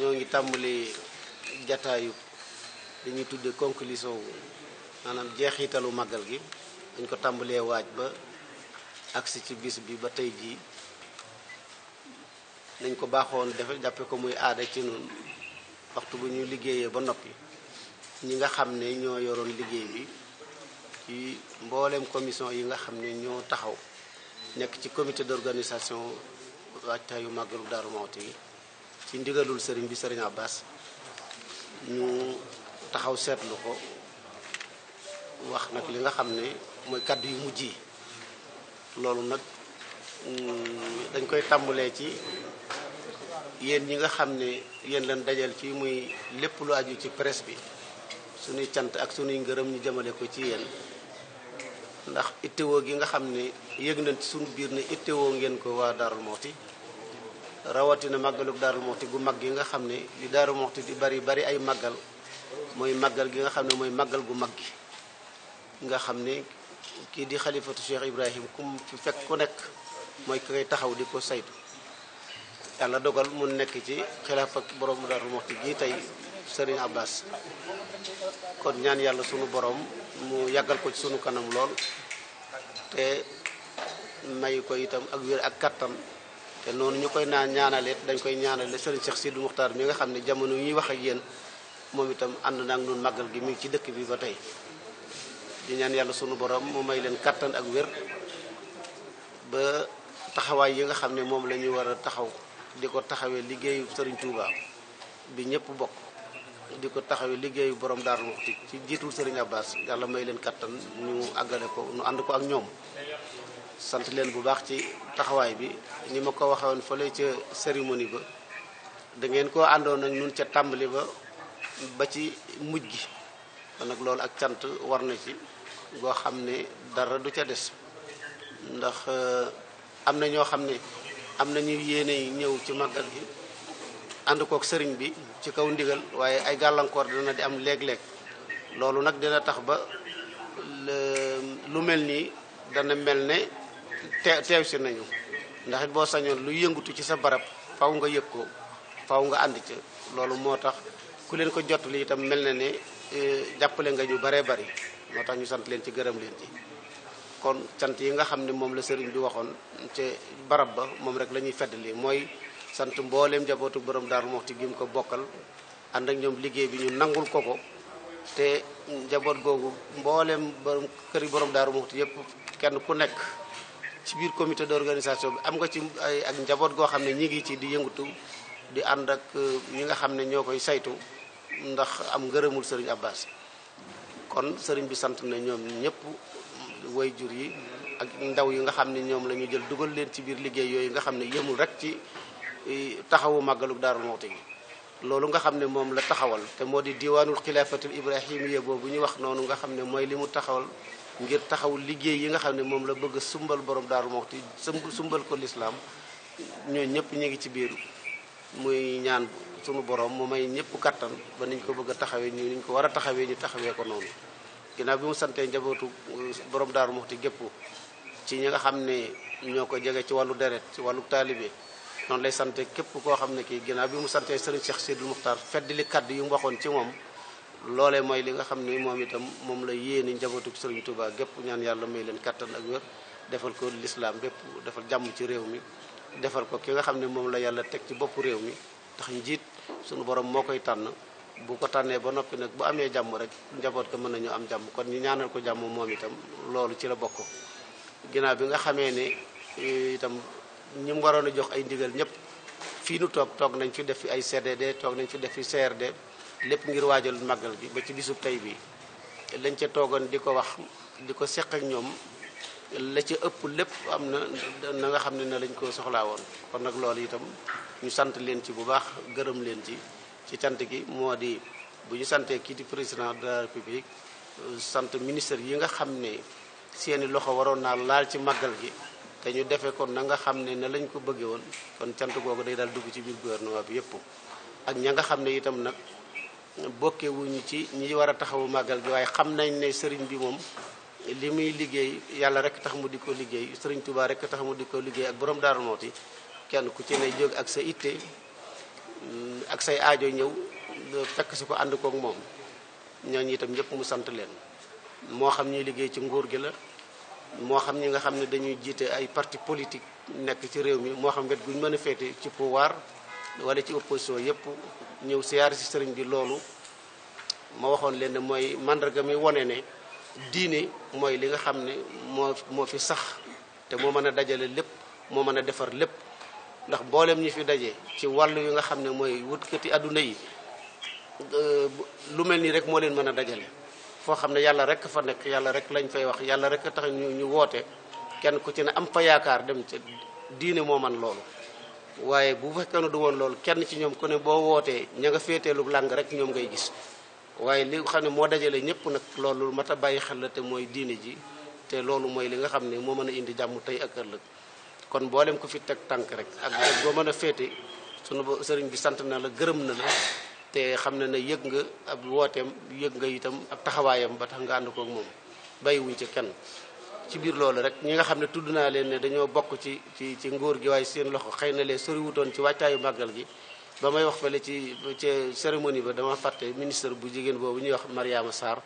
ñoo ngi tàmbali jataayu dañuy tuddee conclusion maanaam jeexitalu màggal gi dañ ko tàmbalee waaj ba agsi ci bis bi ba tey jii nañ ko baaxoon defe jàppe ko muy aada ci noonu waxtu bu ñu liggéeyee ba noppi ñi nga xam ne ñoo yoroon liggéey bi ci mbooleem commission yi nga xam ne ñoo taxaw nekk ci comité d'organisation waajtaayu màggalu Daaru Mawti yi ci ndigalul sëriñ bi sëriñ Abbas ñu taxaw seetlu ko wax nag li nga xam ne mooy kàddu yu mujj loolu nag mm, dañ koy tàmbalee ci yéen ñi nga xam ne yéen leen dajal fii muy lépp lu aju ci presse bi suñuy cant ak suñuy ngërëm ñu jëmale ko ci yéen ndax ittewoo gi nga xam ne yëg nañ ci suñu biir ne ittewoo ngeen ko waa Darou Mouhty rawatina màggalu Daaru Muxti gu mag gi nga xam ne li Daaru Muxti di bari bari ay màggal mooy màggal gi nga xam ne mooy màggal gu mag gi nga xam ne kii di xalifatu Cheikh Ibrahim ku fekk ku nekk mooy ki taxaw di ko saytu yàlla dogal mu nekk ci xilaaf ak borom Daaru Muxti gii tey Serigne Abbas kon ñaan yàlla sunu boroom mu yàggal ko ci sunu kanam lool te may ko itam ak wér ak kattan te noonu ñu koy naan ñaanalit dañ koy ñaanale Serigne Cheikh Sidou Muxtaar mi nga xam ne jamono ñuy wax ak yéen moom itam ànd naag noonu màggal gi mu ngi ci dëkk bi ba tey di ñaan yàlla sunu borom mu may leen kàttan ak wér ba taxawaay yi nga xam ne moom la ñuy war a taxaw di ko taxawee liggéeyu Serigne Touba bi ñëpp bokk di taxawé taxawee borom daru muxti ci jiitul serigne abbas yalla may leen katan ñu agalé ko ñu and ko ak ñom sant leen bu baax ci taxaway bi ni ma ko waxewoon fële ca cérémonie ba da ngeen ko àndoon nak ñun ci tambali ba ba ci mujj gi kon nag ak cant war na ci go xamné dara du ca des ndax euh, amna ño xamné amna ñu yéné ñew ci magal gi ànd kook sëriñ bi ci kaw ndigal waaye ay gàllankoor dana di am léeg-léeg loolu nag dina tax ba lu mel nii dana mel ne teew teew si nañu ndax boo sañoon lu yëngutu ci sa barab faw nga yëg ko faw nga ànd ca loolu moo tax ku leen ko jot li itam mel na ne e, jàppale nga ñu baree bari moo tax ñu sant leen ci gërëm leen ci kon sant yi nga xam ne moom la sëriñ bi waxoon ci barab ba moom rek lañuy ñuy fedd lii mooy sant mbooleem njabootu borom Daaru Muxti gi mu ko bokkal ànd ak ñoom liggéey bi ñu nangul ko ko te njaboot googu mbooleem borom këri borom Daaru Muxti yëpp kenn ku nekk ci biir comité d'organisation bi am nga ci ay ak njaboot goo xam ne ñi ngi ci di yëngatu di ànd ak euh, ñi nga xam ne ñoo koy saytu ndax am ngërëmul sëriñ Abbas kon sëriñ bi sant na ñoom ñëpp way jur yi ak ndaw yi nga xam ne ñoom la ñu jël dugal leen ci biir liggéey yooyu nga xam ne yëmul rek ci taxawu màggalug daarul Muxti gi loolu nga xam ne moom la taxawal te moo di diwaanul xilaafatul ibrahimiya boobu ñu wax noonu nga xam ne mooy li mu taxawal ngir taxawul liggéey yi nga xam ne moom la bëgg sumbal borom daarul Muxti sumbal ko lislaam ñoo ñëpp ñu ngi ci biir muy ñaan sunu borom mu may ñëpp kattan ba niñ ko bëgg a taxawee ñu niñ ko war a taxawee ñu taxawee ko noonu ginnaaw bi mu santee njabootu uh, borom daarul Muxti gépp ci ñi nga xam ne ñoo ko jege ci wàllu deret ci wàllu taalibe non lay sante kep ko xamne ki ginaaw bi mu sante serigne Cheikh Sidul mukhtar feddi li kàddu yu waxon ci mom lolé moy li nga xamne mom itam mom la yéene njabootug serigne Touba gep ñaan yalla may leen kattan ak wër defal ko l'islam gep defal jamm ci rew mi defal ko ki nga xamne mom la yalla tek ci bop rew mi tax njiit suñu borom mo koy tan bu ko tànnee ba nopi nak bu amé jamm rek njabot ko mëna ñu am jamm kon ñu ñaanal ko jamm mom itam lolou ci la bokk ginaaw bi nga xamé ni eh, itam ñi mu a jox ay ndigal ñep fi nu tok tok nañ fi def fi ay CDD tok nañ fi def fi CRD lepp ngir waajal magal gi ba ci bisub tay bi lañ ci togon diko wax diko sekk ak ñom la ci ëpp lepp am na nga xamne na lañ ko soxla woon kon nak lool itam ñu sant leen ci bu baax gëreem leen ci ci tant gi modi bu ñu santé ki di président de la république euh, sant ministre yi nga xamne seeni loxo waroon na laal ci magal gi te ñu defee ko na nga xam ne na lañ ko bëggee woon kon cant googu day daal dugg ci biir gouvernement bi yëpp ak ña nga xam ne itam nag bokkewuñu ci ñi war a taxawu màggal gi waaye xam nañ ne sëriñ bi moom li muy liggéey yàlla rek tax mu di ko liggéey sëriñ Touba rek tax mu di ko liggéey ak borom Darou Mouhty kenn ku ci ne jóg ak sa itte ak say aajo ñëw fekk si ko ànd koog moom ñooñu itam ñëpp mu sant leen moo xam ñuy liggéey ci nguur gi la moo xam ñi nga xam ne dañuy jiite ay parti politique nekk ci réew mi moo xam wet guñ mën a féete ci pouvoir wala ci opposition yépp ñëw siyaar si sëriñ bi loolu ma waxoon leen ne mooy mandarga mi wone ne diine mooy li nga xam ne moo moo fi sax te moo mën a dajale lépp moo mën a defar lépp ndax mbooleem ñi fi daje ci wàll yu nga xam ne mooy wutkati àdduna yi euh, lu mel nii rek moo leen mën a dajale foo xam ne yàlla rek fa nekk yàlla rek lañ fay wax yàlla rek tax ñu ñu woote kenn ku ci ne am fa yaakaar dem ca diine moo man loolu waaye bu fekkee ne du woon loolu kenn ci ñoom ku ne boo wootee ña nga féeteelu làng rek ñoom ngay gis waaye li xam ne moo dajalee ñëpp nag loolu mat a bàyyi xel la te mooy diine ji te loolu mooy li nga xam ne moo mën a indi jàmm tey ak ëllëg kon boo leen ko fi teg tànk rek ak boo mën a féete sunu sëriñ bi sant na la gërëm na la te xam na ne yëg nga ab wooteem yëg nga itam ab taxawaayam ba tax nga ànd koog moom bàyyiwuñ ci kenn ci biir loolu rek ñi nga xam ne tudd naa leen ne dañoo bokk ci ci ci nguur gi waaye seen loxo xëy na lee soriwutoon ci wàccaayu màggal gi ba may wax fële ci ci cérémonie ba dama fàtte ministre bu jigéen boobu ñuy wax Mariama saar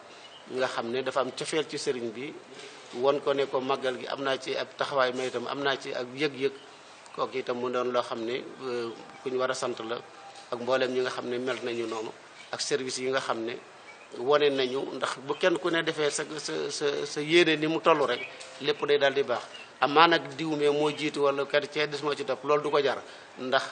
nga xam ne dafa am cofeel ci sëriñ bi won ko ne ko màggal gi am naa ci ab taxawaay may itam am naa ci ak yëg-yëg kooku itam mu doon loo xam ne euh, ku ñu war a sant la ak mboolem ñi nga xam ne mel nañu noonu ak service yi nga xam ne wane nañu ndax bu kenn ku ne defee sa sa sa sa yéene ni mu toll rek lépp day daal di baax amaa nag diw mee moo jiitu wala quartier des moo ci topp loolu du ko jara ndax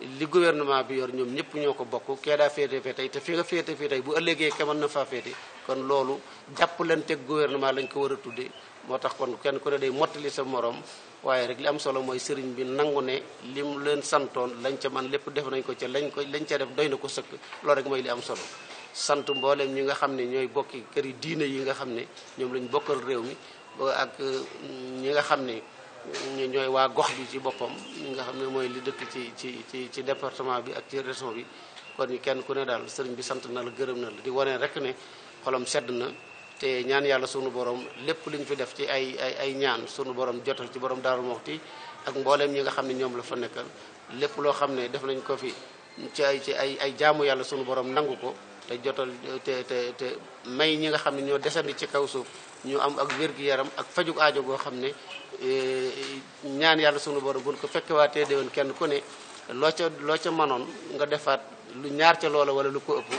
li gouvernement bi yor ñoom ñëpp ñoo ko bokk kee daa féete fee tey te fi nga féete fii tey bu ëllëgee ke mën na faa féete kon loolu jàppalanteeg gouvernement lañ ko war a tuddee moo tax kon kenn ku ne day mottali sa morom waaye rek li am solo mooy sëriñ bi nangu ne li mu leen santoon lañ ca man lépp def nañ ko ca lañ ko lañ ca def doy na ko sëkk loolu rek mooy li am solo sant mboolem ñi nga xam ne ñooy bokki kër yi diine yi nga xam ne ñoom lañ bokkal réew mi ak mm, ñi nga xam ne ñu ñooy waa gox bi ci boppam ñi nga xam ne mooy li dëkk ci ci ci ci département bi ak ci région bi kon ñu kenn ku ne daal sëriñ bi sant na la gërëm na la di wane rek ne xolam sedd na te ñaan yàlla sunu borom lépp li ñu fi def ci ay ay ay ñaan sunu borom jotal ci borom Daaru Muxti ak mbooleem ñi nga xam ne ñoom la fa nekkal lépp loo xam ne def nañ ko fi ci ay ci ay ay jaamu yàlla sunu borom nangu ko te jotal te te te may ñi nga xam ne ñoo desandi ci kaw suuf ñu am ak wér-gu-yaram ak fajug ajo goo xam ne e, ñaan yàlla sunu borom buñ ko fekkewaatee déwén kenn ku ne loo ca loo ca manoon nga defaat lu ñaar ca loola wala lu ko ëpp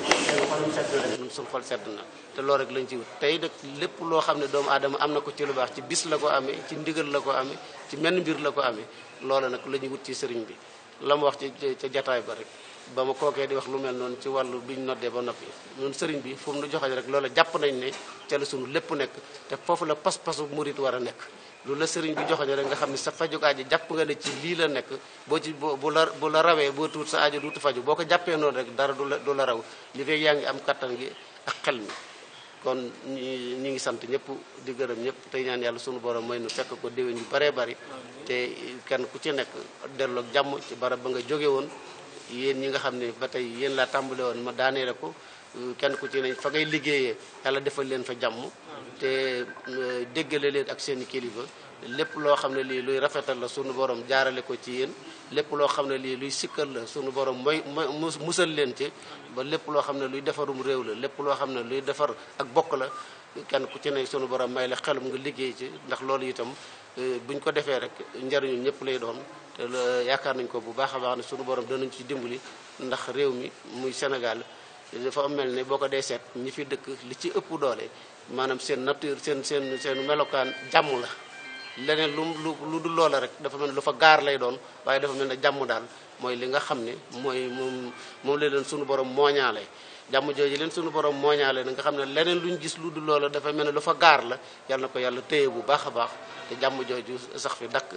ñun suñu xol sedd na te loolu rek lañ ci wut tey nag lépp loo xam ne doomu aadama am na ko ci lu baax ci bis la ko amee ci ndigal la ko amee ci menn mbir la ko amee loola nag la ñuy wut ci sëriñ bi la mu wax ci ca jataay ba rek ba ma kookee di wax lu mel noonu ci wàllu bi ñu noddee ba noppi ñun sëriñ bi fu mu nu joxañ rek loola jàpp nañ ne ca la sunu lépp nekk te foofu la pas-pasu murit war a nekk lu la sëriñ bi joxoño rek nga xam ni sa faju aajo jàpp nga ne ci lii la nekk boo ci bu la bu la rawee boo tuut sa aajo duutu faju boo ko jàppee noonu rek dara du la la raw li fekk yaa ngi am kattan gi ak xel mi kon ñi ngi sant ñëpp di gërëm ñëpp tey ñaan yàlla sunu borom mooy nu fekk ko déwén yu baree bari te kenn ku ci nekk delloog jàmm ci ba nga jóge woon yéen ñi nga xam ne ba tey yéen laa tàmbale woon ma daanee ko kenn ku ci ne fa ngay liggéeyee yàlla leen fa jàmm te euh, déggale leen ak seen kilifa lépp loo xam ne lii luy rafetal la sunu borom jaarale ko ci yéen lépp loo xam ne lii luy sikkal la sunu borom mooy musal leen ci ba lépp loo xam ne luy defarum réew la lépp loo xam ne luy defar ak bokk la kenn ku ci ne sunu borom may la xelum nga liggéey ci ndax loolu itam euh, buñ ko defee rek njariñu ñëpp lay doon te yaakaar nañ ko bu baax a baax ne sunu borom danañ ci dimbali ndax réew mi muy Sénégal dafa mel ne boo ko dee seet ñi fi dëkk li ci ëpp doole maanaam seen nature seen seen seen melokaan jàmm la leneen lu lu lu dul loola rek dafa mel ne lu fa gaar lay doon waaye dafa mel ne jàmm daal mooy li nga xam ne mooy moom moom la leen sunu borom mooñaale jàmm jooju leen suñu borom mooñaale na nga xam ne leneen lu luñ gis lu dul loola dafa mel ne lu fa gaar la yàlla ko yàlla téye bu baax a baax te jàmm jooju sax fi dakk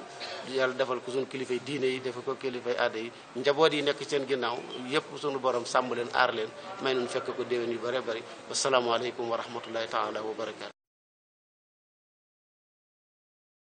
yàlla defal ko suñu kilifa diine yi defal ko kilifa aada yi njaboot yi nekk seen ginnaaw yépp suñu borom sàmm leen aar leen may nun fekk ko déwén yu bare bari wasalaamaaleykum wa rahmatullahi taala wa barakatu